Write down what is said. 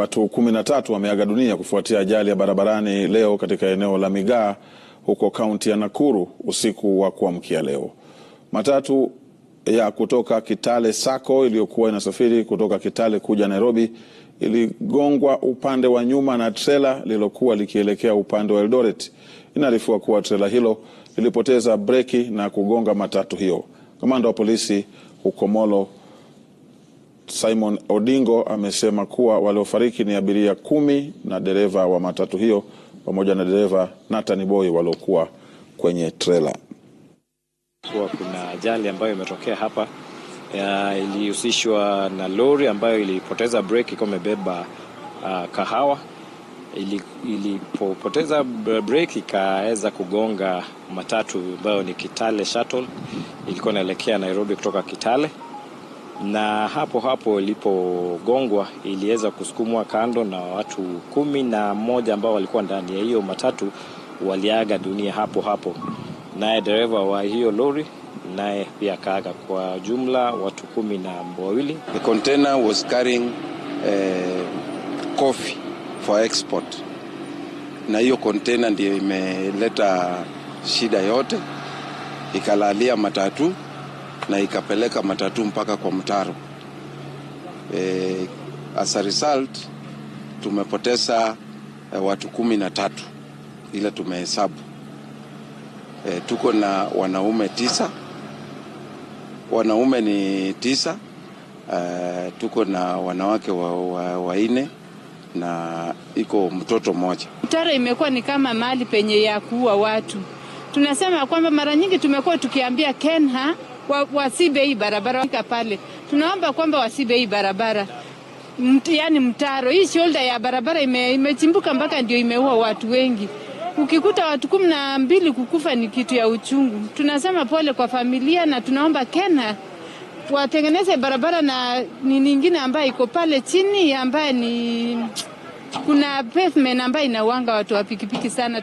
Watu kumi na tatu wameaga dunia kufuatia ajali ya barabarani leo katika eneo la Migaa huko kaunti ya Nakuru usiku wa kuamkia leo. Matatu ya kutoka Kitale Sacco iliyokuwa inasafiri kutoka Kitale kuja Nairobi iligongwa upande wa nyuma na trela lililokuwa likielekea upande wa Eldoret. Inaarifiwa kuwa trela hilo lilipoteza breki na kugonga matatu hiyo. Kamanda wa polisi huko Molo Simon Odingo amesema kuwa waliofariki ni abiria kumi na dereva wa matatu hiyo pamoja na dereva Nathan Boy waliokuwa kwenye trela. Kuwa kuna ajali ambayo imetokea hapa ilihusishwa na lori ambayo ilipoteza breki ikiwa imebeba uh, kahawa. Ilipopoteza breki ikaweza kugonga matatu ambayo ni Kitale Shuttle, ilikuwa inaelekea Nairobi kutoka Kitale na hapo hapo ilipogongwa iliweza kusukumwa kando na watu kumi na mmoja ambao walikuwa ndani ya hiyo matatu waliaga dunia hapo hapo, naye dereva wa hiyo lori naye pia akaaga. Kwa jumla watu kumi na wawili. The container was carrying eh, coffee for export, na hiyo container ndio imeleta shida yote, ikalalia matatu na ikapeleka matatu mpaka kwa mtaro. E, as a result tumepoteza e, watu kumi na tatu ila tumehesabu e, tuko na wanaume tisa, wanaume ni tisa e, tuko na wanawake wanne wa, wa na iko mtoto mmoja. Mtaro imekuwa ni kama mahali penye ya kuua watu. Tunasema kwamba mara nyingi tumekuwa tukiambia Kenha wasibe hii barabara ka pale, tunaomba kwamba wasibe hii barabara Mt, yani mtaro hii shoulder ya barabara imechimbuka ime mpaka ndio imeua watu wengi. Ukikuta watu kumi na mbili kukufa ni kitu ya uchungu. Tunasema pole kwa familia na tunaomba kena watengeneze barabara na ni nyingine ambayo iko pale chini ambaye ni kuna pavement ambayo inawanga watu wa pikipiki sana.